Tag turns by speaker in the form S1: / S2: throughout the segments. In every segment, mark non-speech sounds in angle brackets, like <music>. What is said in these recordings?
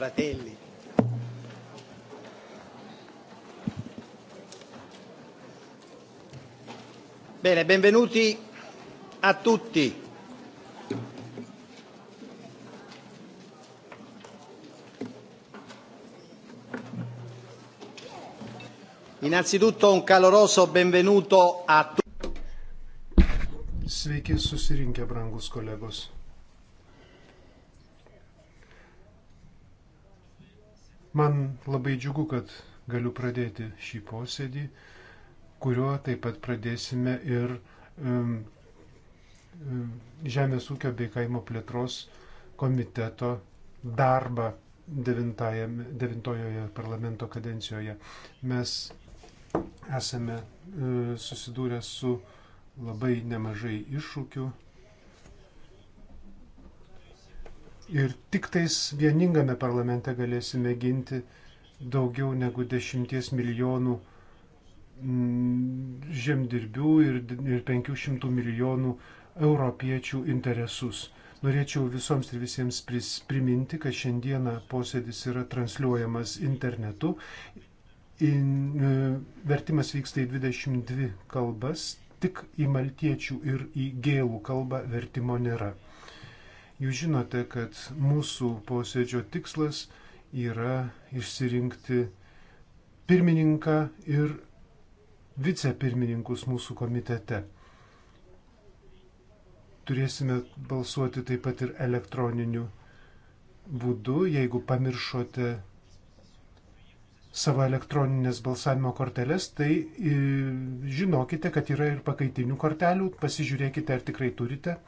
S1: fratelli. Bene, benvenuti a tutti. Innanzitutto un caloroso benvenuto a tutti.
S2: Sveiki susirinkę, brangus kolegos. Man labai džiugu, kad galiu pradėti šį posėdį, kuriuo taip pat pradėsime ir um, Žemės ūkio bei kaimo plėtros komiteto darbą devintojoje parlamento kadencijoje. Mes esame e, susidūrę su labai nemažai iššūkių, Ir tik tais vieningame parlamente galėsime ginti daugiau negu dešimties milijonų mm, žemdirbių ir, ir 500 milijonų europiečių interesus. Norėčiau visoms ir visiems pris, priminti, kad šiandieną posėdis yra transliuojamas internetu. In, e, vertimas vyksta į 22 kalbas, tik į maltiečių ir į gėlų kalbą vertimo nėra. Jūs žinote, kad mūsų posėdžio tikslas yra išsirinkti pirmininką ir vicepirmininkus mūsų komitete. Turėsime balsuoti taip pat ir elektroniniu būdu, jeigu pamiršote savo elektroninės balsavimo korteles, tai e, žinokite, kad yra ir pakaitinių kortelių, pasižiūrėkite, ar tikrai turite.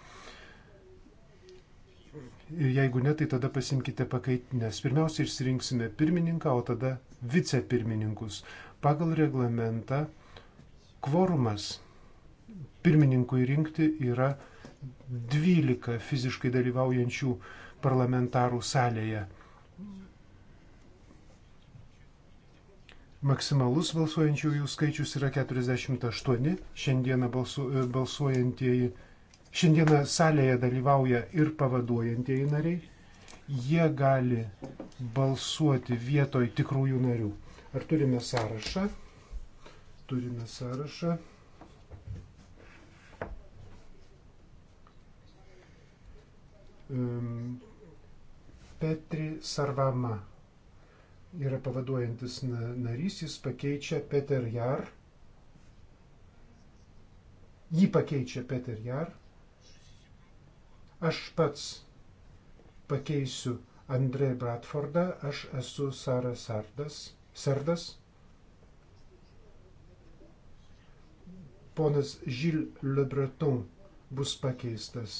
S2: Ir jeigu ne, tai tada pasimkite pakaitinės. Pirmiausia, išsirinksime pirmininką, o tada vicepirmininkus. Pagal reglamentą kvorumas pirmininkui rinkti yra 12 fiziškai dalyvaujančių parlamentarų salėje. Maksimalus balsuojančiųjų skaičius yra 48, šiandieną balsu, balsuojantieji Šiandieną salėje dalyvauja ir pavaduojantieji nariai. Jie gali balsuoti vietoj tikrųjų narių. Ar turime sąrašą? Turime sąrašą. Petri Sarvama yra pavaduojantis narys, jis pakeičia Peter Jar. Jį pakeičia Peter Jar. Aš pats pakeisiu Andrei Bradfordą, aš esu Sara Sardas, Sardas. Ponas Žil Le Breton bus pakeistas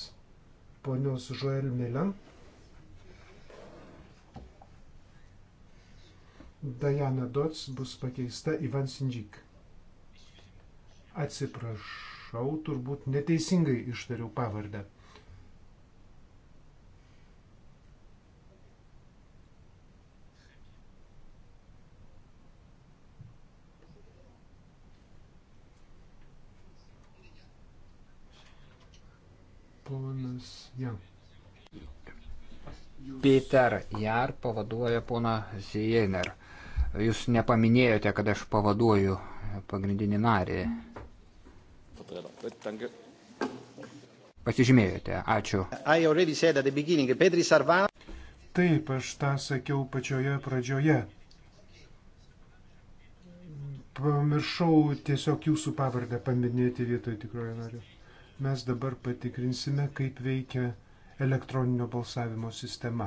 S2: ponios Joel Milan. Diana Dots bus pakeista Ivan Sindžik. Atsiprašau, turbūt neteisingai ištariau pavardę.
S1: Peter Jar pavaduoja pona Ziener. Jūs nepaminėjote, kad aš pavaduoju pagrindinį narį. Pasižymėjote, ačiū.
S2: Taip, aš tą sakiau pačioje pradžioje. Pamiršau tiesiog jūsų pavardę paminėti vietoj tikroje nariu mes dabar patikrinsime, kaip veikia elektroninio balsavimo sistema.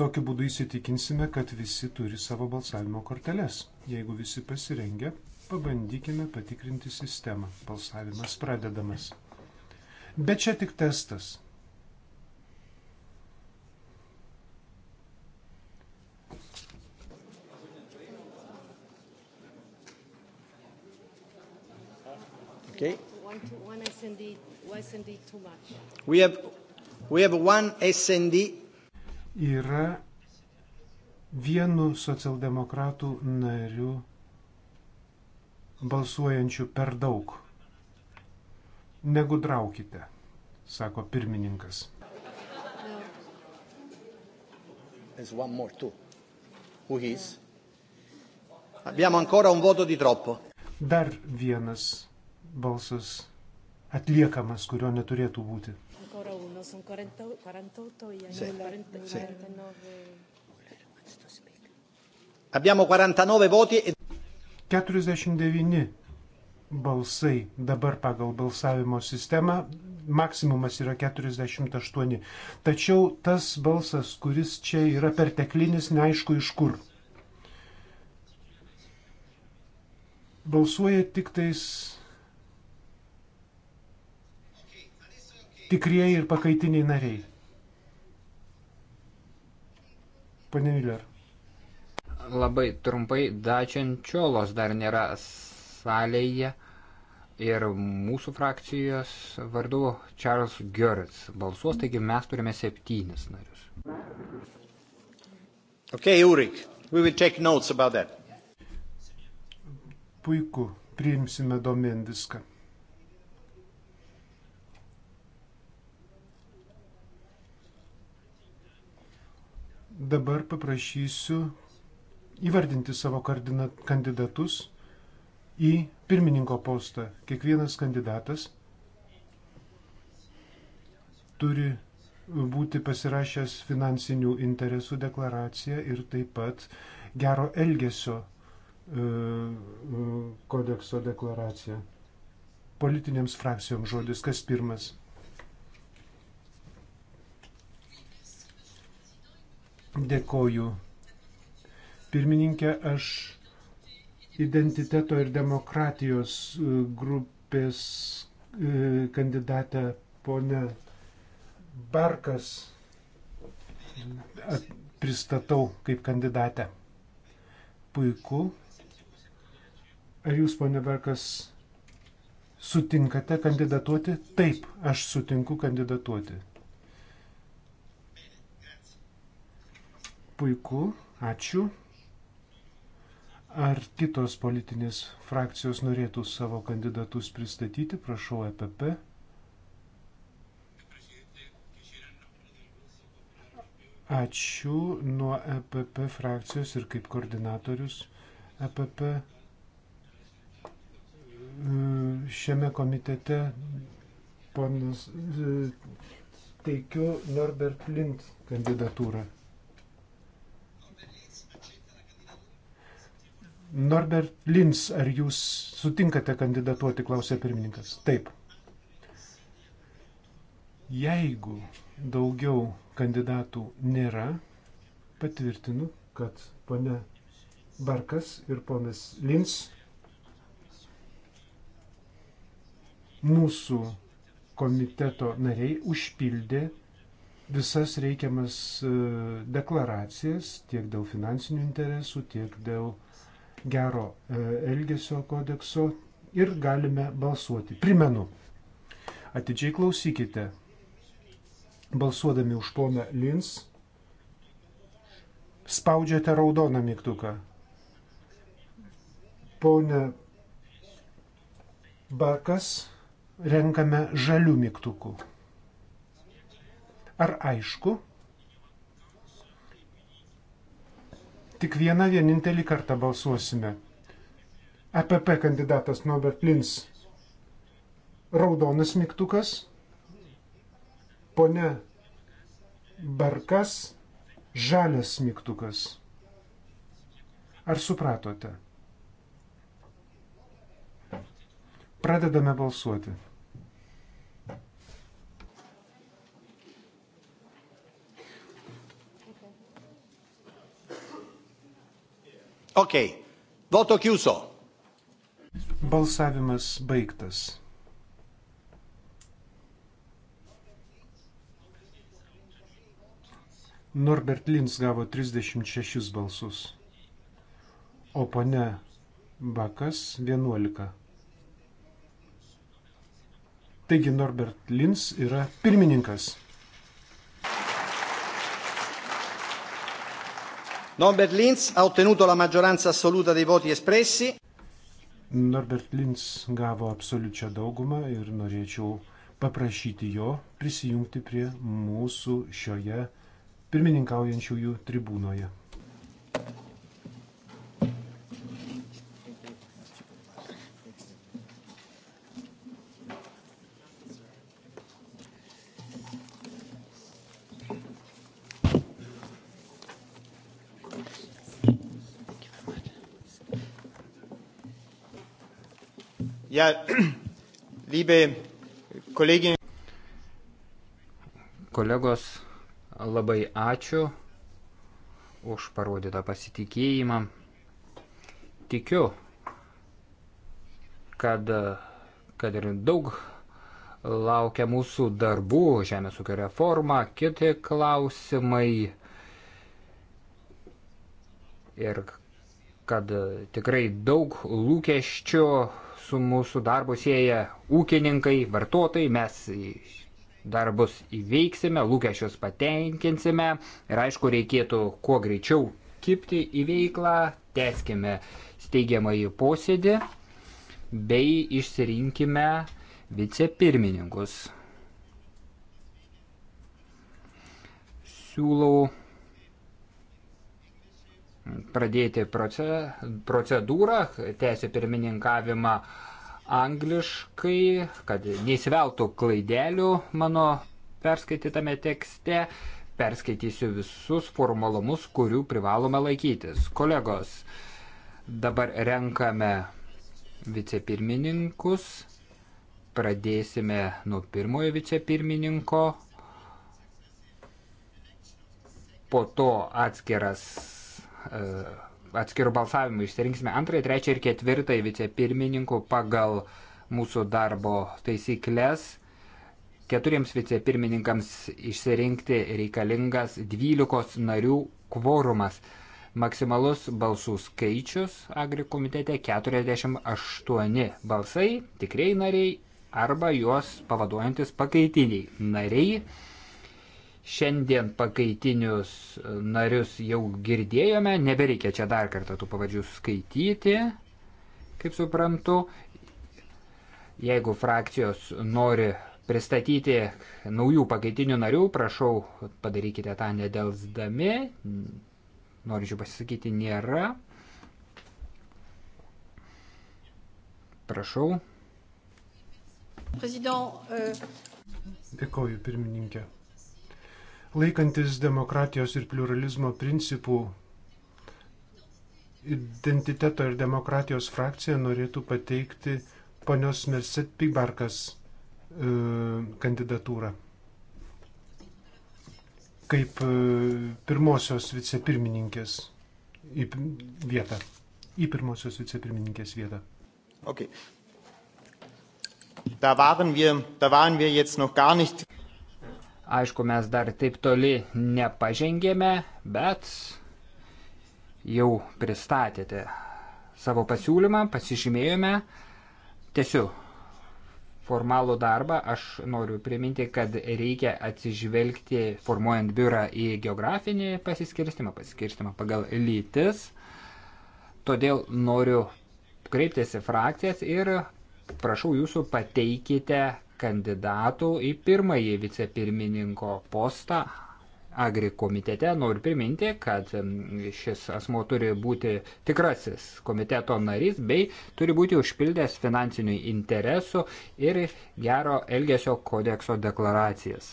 S2: Tokiu būdu įsitikinsime, kad visi turi savo balsavimo korteles. Jeigu visi pasirengia, pabandykime patikrinti sistemą. Balsavimas pradedamas. Bet čia tik testas. Okay. One, two, one SND, one SND too much.
S1: We have, we have one
S2: SND. Yra vienu socialdemokratų nariu balsuojančių per daug. Negudraukite, sako pirmininkas.
S1: More, Abbiamo ancora un voto di troppo.
S2: Dar vienas balsas atliekamas, kurio neturėtų būti. Abbiamo 49 voti. 49 e balsai dabar pagal balsavimo sistemą, maksimumas yra 48. Tačiau tas balsas, kuris čia yra perteklinis, neaišku iš kur. Balsuoja tik tais tikrieji ir pakaitiniai nariai. Pane Miller.
S1: Labai trumpai, Dačiančiolos dar nėra salėje ir mūsų frakcijos vardu Charles Görits balsuos, taigi mes turime septynis narius. Okay, Ulrik, we will take notes about that.
S2: Puiku, priimsime domen viską. Dabar paprašysiu įvardinti savo kandidatus į pirmininko postą. Kiekvienas kandidatas turi būti pasirašęs finansinių interesų deklaraciją ir taip pat gero elgesio e, kodekso deklaraciją. Politinėms frakcijoms žodis kas pirmas. Dėkoju. Pirmininkė, aš identiteto ir demokratijos e, grupės e, kandidatę ponę Barkas pristatau kaip kandidatę. Puiku. Ar jūs, ponė Barkas, sutinkate kandidatuoti? Taip, aš sutinku kandidatuoti. Puiku, ačiū. Ar kitos politinės frakcijos norėtų savo kandidatus pristatyti? Prašau, EPP. Ačiū nuo EPP frakcijos ir kaip koordinatorius EPP šiame komitete ponas e, teikiu Norbert Lind kandidatūrą. Norbert Lins, ar jūs sutinkate kandidatuoti, klausė pirmininkas. Taip. Jeigu daugiau kandidatų nėra, patvirtinu, kad pone Barkas ir ponas Lins mūsų komiteto nariai užpildė visas reikiamas e, deklaracijas tiek dėl finansinių interesų, tiek dėl uh, gero e, elgesio kodekso ir galime balsuoti. Primenu, atidžiai klausykite, balsuodami už poną Lins, spaudžiate raudoną mygtuką. Pone Bakas renkame žalių mygtukų. Ar aišku? Tik vieną vienintelį kartą balsuosime. EPP kandidatas Norbert Lins. Raudonas mygtukas. Pone Barkas. Žalias mygtukas. Ar supratote? Pradedame balsuoti.
S1: Ok, voto chiuso.
S2: Balsavimas baigtas. Norbert Lins gavo 36 balsus, o ponia Bakas 11. Taigi Norbert Lins yra pirmininkas.
S1: Norbert Linz ha ottenuto la maggioranza assoluta dei voti espressi.
S2: Norbert Linz gavo absoliučią daugumą ir norėčiau paprašyti jo prisijungti prie mūsų šioje pirmininkaujančiųjų tribūnoje.
S1: Ja, <clears throat> liebe Kolleginnen. Kolegos, labai ačiū už parodytą pasitikėjimą. Tikiu, kad, kad ir daug laukia mūsų darbų, žemės ūkio reforma, kiti klausimai ir kad tikrai daug lūkesčių su mūsų darbu sieja ūkininkai, vartotojai, mes darbus įveiksime, lūkesčius patenkinsime ir aišku reikėtų kuo greičiau kipti į veiklą, teskime steigiamąjį posėdį bei išsirinkime vicepirmininkus. Siūlau pradėti procedūrą, tęsė pirmininkavimą angliškai, kad neįsiveltų klaidelių mano perskaitytame tekste. Perskaitysiu visus formalumus, kurių privalome laikytis. Kolegos, dabar renkame vicepirmininkus. Pradėsime nuo pirmojo vicepirmininko, po to atskiras E, atskirų balsavimų išsirinksime antrąjį, trečią ir ketvirtąjį vicepirmininkų pagal mūsų darbo taisyklės. Keturiems vicepirmininkams išsirinkti reikalingas 12 narių kvorumas. Maksimalus balsų skaičius agrikomitete 48 balsai, tikrieji nariai arba juos pavaduojantis pakaitiniai nariai. Šiandien pakaitinius narius jau girdėjome, nebereikia čia dar kartą tų pavardžių skaityti, kaip suprantu. Jeigu frakcijos nori pristatyti naujų pakaitinių narių, prašau, padarykite tą nedelsdami. Norinčių pasisakyti nėra. Prašau. Prezident. Uh...
S2: Dėkoju, pirmininkė. Laikantis demokratijos ir pluralizmo principų, identiteto ir demokratijos frakcija norėtų pateikti ponios Merced Pibarkas e, kandidatūrą kaip e, pirmosios vicepirmininkės į vietą. Į pirmosios vicepirmininkės vietą.
S1: Okay. Da waren wir, da waren wir jetzt noch gar nicht. Aišku, mes dar taip toli nepažengėme, bet jau pristatėte savo pasiūlymą, pasižymėjome. Tiesiu formalų darbą, aš noriu priminti, kad reikia atsižvelgti, formuojant biurą į geografinį pasiskirstimą, pasiskirstimą pagal lytis. Todėl noriu kreiptis į frakcijas ir prašau jūsų pateikite kandidatų į pirmąjį vicepirmininko postą Agri komitete. Noriu priminti, kad šis asmo turi būti tikrasis komiteto narys bei turi būti užpildęs finansinių interesų ir gero elgesio kodekso deklaracijas.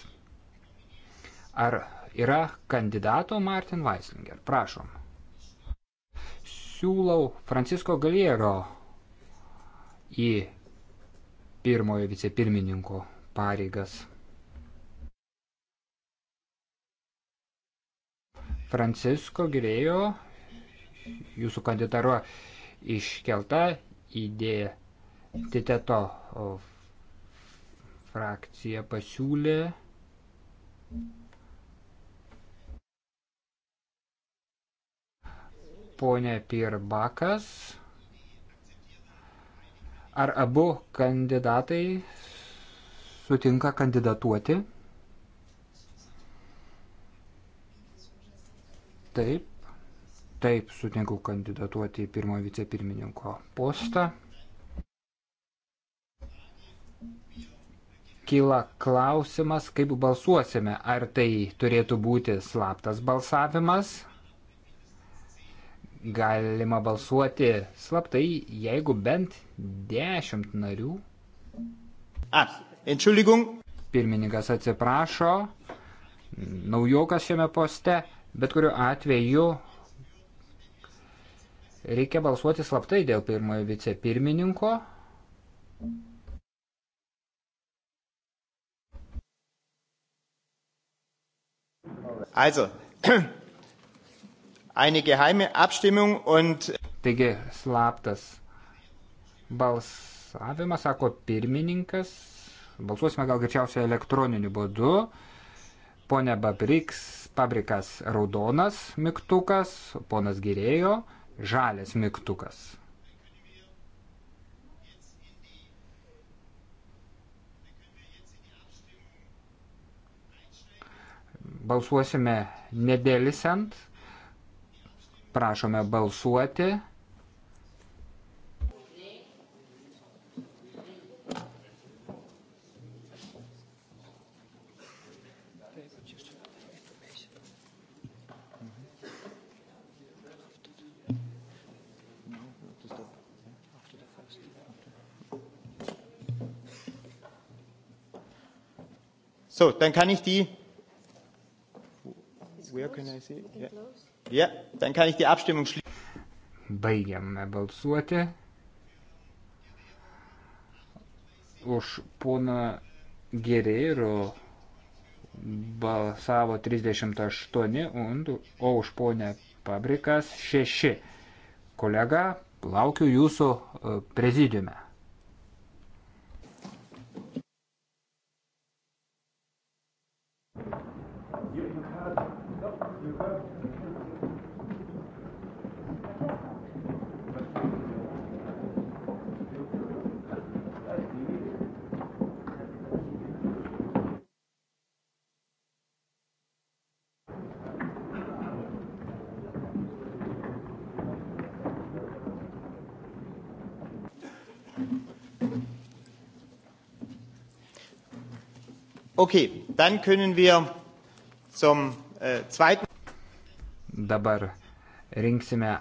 S1: Ar yra kandidato Martin Weislinger? Prašom. Siūlau Francisko Galiero į pirmojo vicepirmininko pareigas. Francisko Grėjo jūsų kandidatūra iškelta idėja Titeto frakcija pasiūlė ponė Pirbakas Ar abu kandidatai sutinka kandidatuoti? Taip, taip sutinku kandidatuoti į pirmojo vicepirmininko postą. Kyla klausimas, kaip balsuosime, ar tai turėtų būti slaptas balsavimas, galima balsuoti slaptai, jeigu bent dešimt narių. A, entschuldigung. Pirmininkas atsiprašo, naujokas šiame poste, bet kuriuo atveju reikia balsuoti slaptai dėl pirmojo vicepirmininko. Also, <clears throat> Taigi slaptas balsavimas, sako pirmininkas. Balsuosime gal greičiausiai elektroniniu būdu. Pone Babriks, Pabrikas raudonas mygtukas, ponas Girėjo žalias mygtukas. Balsuosime nedėlisant. Prašome balsuoti. So, dann kann ich die.
S2: Where can I see? Yeah.
S1: Ja, dann kann ich die Abstimmung schließen. Baigiame balsuoti. Už poną Gerėro balsavo 38, o už ponę Pabrikas 6. Kolega, laukiu jūsų e, prezidiume. Okay, dann können wir zum äh, zweiten. Dabar rinksime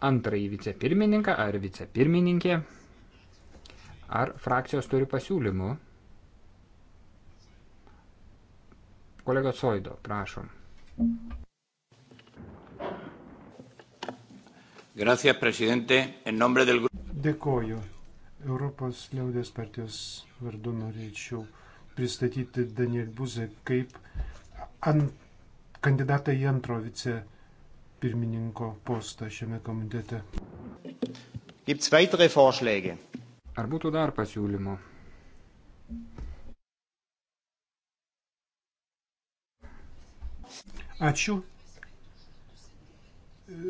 S1: antrąjį vicepirmininką ar vicepirmininkę. Ar frakcijos turi pasiūlymų? Kolega Soido, prašom. Gracias, presidente. En nombre del grupo.
S2: Dėkoju. Europos liaudės partijos vardu norėčiau pristatyti Daniel Buzę kaip ant, kandidatą į antro vice pirmininko postą šiame komitete.
S1: Gibt's weitere Vorschläge? Ar būtų dar pasiūlymų?
S2: Ačiū.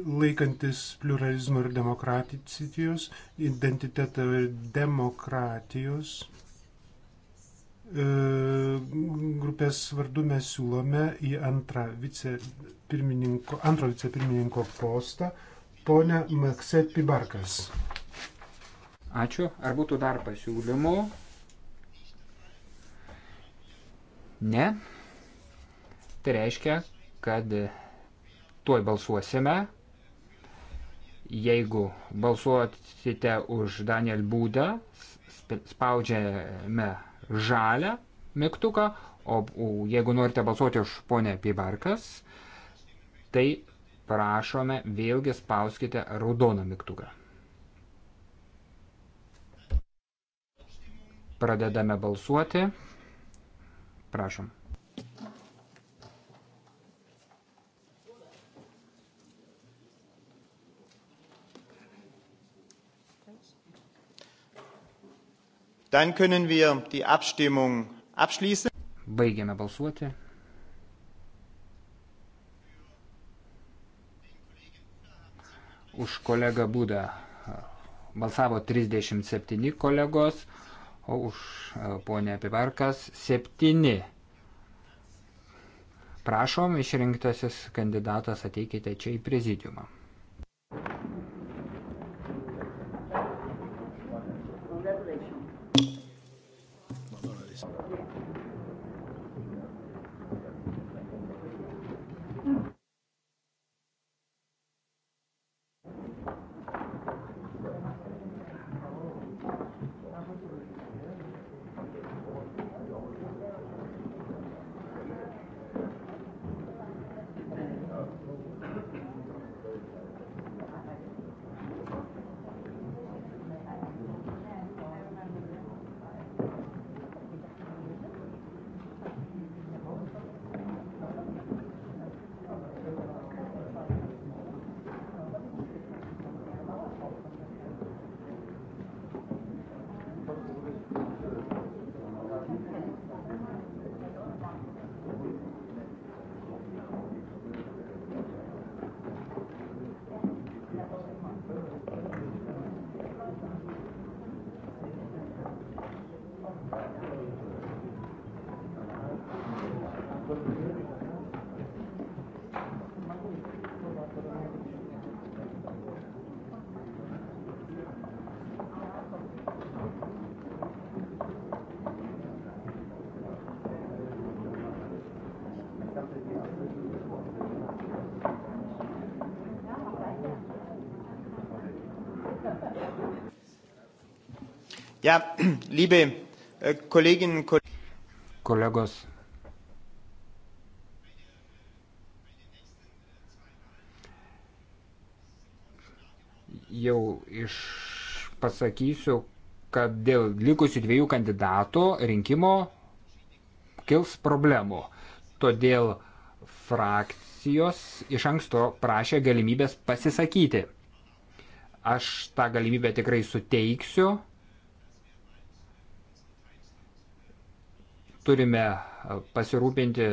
S2: Laikantis pluralizmo ir demokratijos, identiteto ir demokratijos, E, grupės vardu mes siūlome į antrą vicepirmininko, antro vicepirmininko postą ponę Makset
S1: Pibarkas. Ačiū. Ar būtų dar pasiūlymų? Ne. Tai reiškia, kad tuoj balsuosime. Jeigu balsuosite už Daniel Būdą, spaudžiame žalę mygtuką, o jeigu norite balsuoti už ponę Pibarkas, tai prašome vėlgi spauskite raudoną mygtuką. Pradedame balsuoti. Prašom. Dann können wir die Abstimmung abschließen. Baigiame balsuoti. Už kolegą Būdą e, balsavo 37 kolegos, o už e, ponę Pivarkas 7. Prašom, išrinktasis kandidatas ateikite čia į prezidiumą. Ja, <clears throat> liebe äh, Kolleginnen und Kolegos, jau iš pasakysiu, kad dėl likusių dviejų kandidatų rinkimo kils problemų. Todėl frakcijos iš anksto prašė galimybės pasisakyti. Aš tą galimybę tikrai suteiksiu. Turime pasirūpinti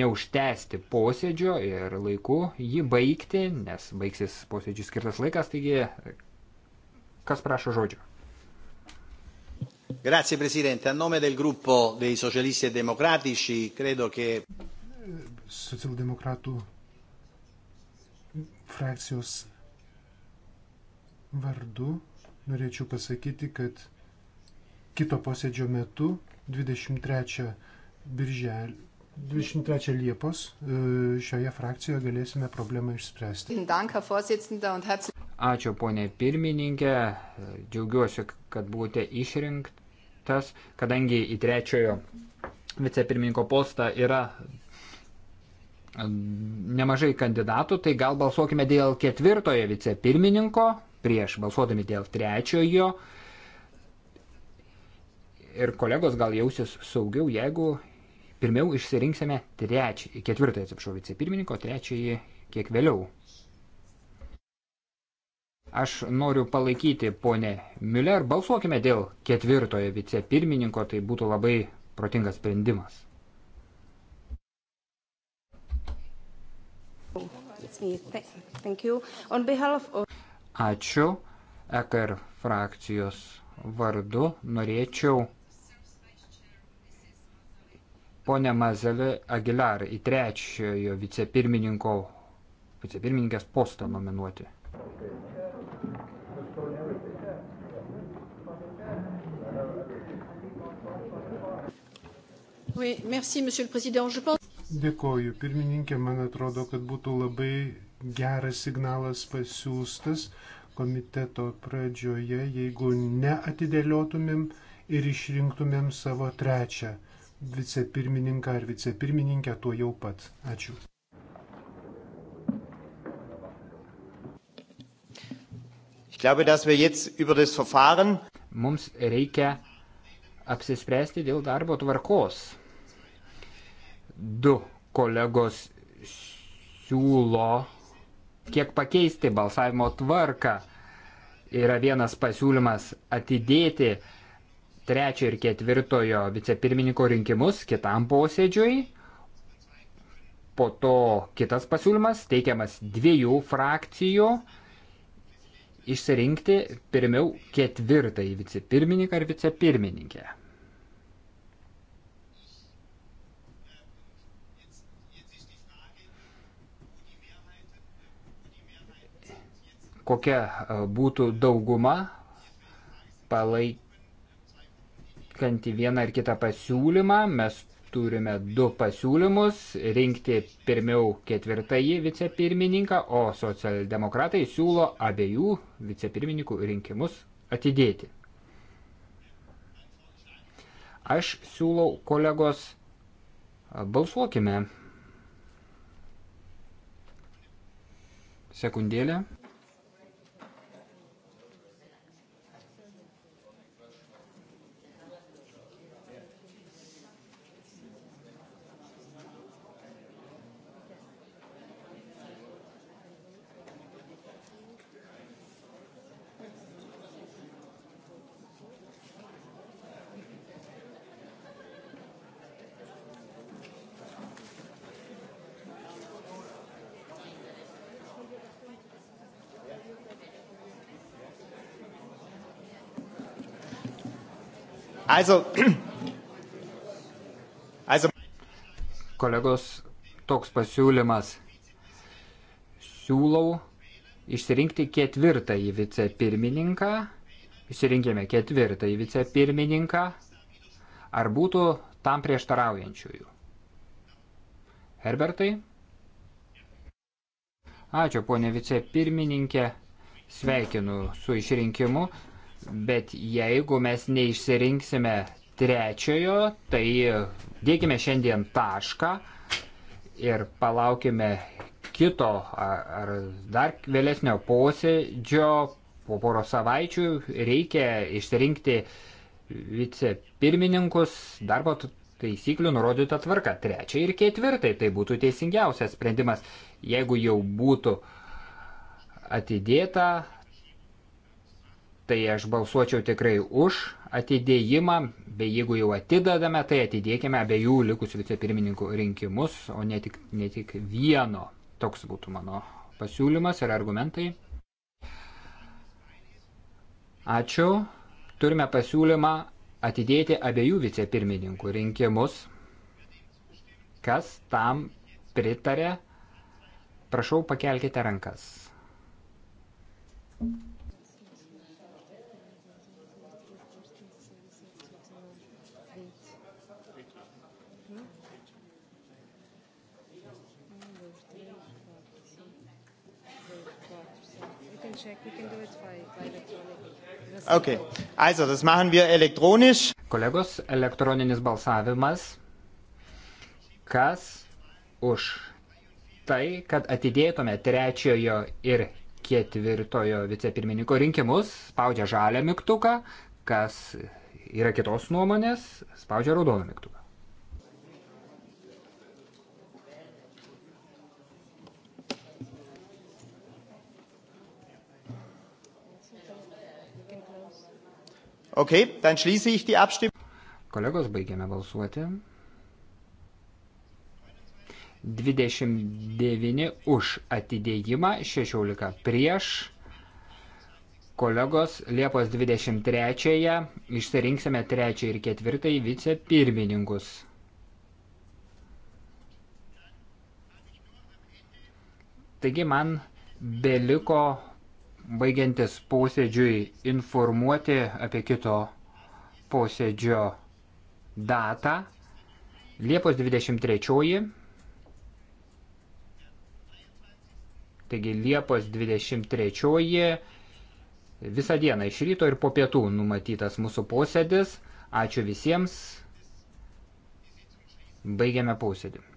S1: neužtęsti posėdžio ir laiku jį baigti, nes baigsis posėdžiui skirtas laikas, taigi kas prašo žodžio. Grazie Presidente, a nome del gruppo dei socialisti e democratici credo che...
S2: Socialdemokratų frakcijos vardu norėčiau pasakyti, kad kito posėdžio metu 23 birželį. 23 Liepos e, šioje frakcijoje galėsime problemą
S1: išspręsti. Ačiū ponė pirmininkė, e, džiaugiuosi, kad buvote išrinktas, kadangi į trečiojo vicepirmininko postą yra e, nemažai kandidatų, tai gal balsuokime dėl ketvirtojo vicepirmininko prieš balsuodami dėl trečiojo vicepirmininko ir kolegos gal jausis saugiau, jeigu pirmiau išsirinksime trečiąjį, ketvirtąjį, atsiprašau, vicepirmininko, trečiąjį kiek vėliau. Aš noriu palaikyti ponę Müller, balsuokime dėl ketvirtojo vicepirmininko, tai būtų labai protingas sprendimas. Ačiū. EKR frakcijos vardu norėčiau ponę Mazelį Aguilar į trečiojo vicepirmininko, vicepirmininkės postą nominuoti. Oui, merci, Monsieur le Président. Je pense...
S2: Dėkoju, pirmininkė, man atrodo, kad būtų labai geras signalas pasiūstas komiteto pradžioje, jeigu neatidėliotumėm ir išrinktumėm savo trečią vicepirmininką ar vicepirmininkę tuo jau pat. Ačiū.
S1: Glaube, Mums reikia apsispręsti dėl darbo tvarkos. Du kolegos siūlo kiek pakeisti balsavimo tvarką. Yra vienas pasiūlymas atidėti trečio ir ketvirtojo vicepirmininko rinkimus kitam posėdžiui. Po to kitas pasiūlymas teikiamas dviejų frakcijų išsirinkti pirmiau ketvirtąjį vicepirmininką ar vicepirmininkę. Kokia e, būtų dauguma palaikyti atrenkant į vieną ar kitą pasiūlymą, mes turime du pasiūlymus - rinkti pirmiau ketvirtąjį vicepirmininką, o socialdemokratai siūlo abiejų vicepirmininkų rinkimus atidėti. Aš siūlau kolegos balsuokime. Sekundėlę. Also, also. Kolegos, toks pasiūlymas. Siūlau išsirinkti ketvirtąjį vicepirmininką. Išsirinkėme ketvirtąjį vicepirmininką. Ar būtų tam prieštaraujančiųjų? Herbertai? Ačiū, ponė vicepirmininkė. Sveikinu su išrinkimu bet jeigu mes neišsirinksime trečiojo, tai dėkime šiandien tašką ir palaukime kito ar dar vėlesnio posėdžio po poro savaičių reikia išsirinkti vicepirmininkus darbo taisyklių nurodyta tvarka. Trečia ir ketvirtai tai būtų teisingiausias sprendimas, jeigu jau būtų atidėta tai aš balsuočiau tikrai už atidėjimą, bei jeigu jau atidedame, tai atidėkime abiejų likusių vicepirmininkų rinkimus, o ne tik, ne tik vieno. Toks būtų mano pasiūlymas ir argumentai. Ačiū. Turime pasiūlymą atidėti abiejų vicepirmininkų rinkimus. Kas tam pritarė, prašau pakelkite rankas. Thank you. Okay. Also, das machen wir elektronisch. Kolegos, elektroninis balsavimas. Kas už tai, kad atidėtume trečiojo ir ketvirtojo vicepirmininko rinkimus, spaudžia žalią mygtuką, kas yra kitos nuomonės, spaudžia raudoną mygtuką. Okay, dann schließe ich die Abstimmung. Kolegos, baigėme balsuoti. 29 už atidėjimą, 16 prieš. Kolegos, Liepos 23-ąją išsirinksime 3 ir 4 vicepirmininkus. Taigi man beliko baigiantis posėdžiui informuoti apie kito posėdžio datą. Liepos 23. Taigi Liepos 23. Visą dieną iš ryto ir po pietų numatytas mūsų posėdis. Ačiū visiems. Baigiame posėdį.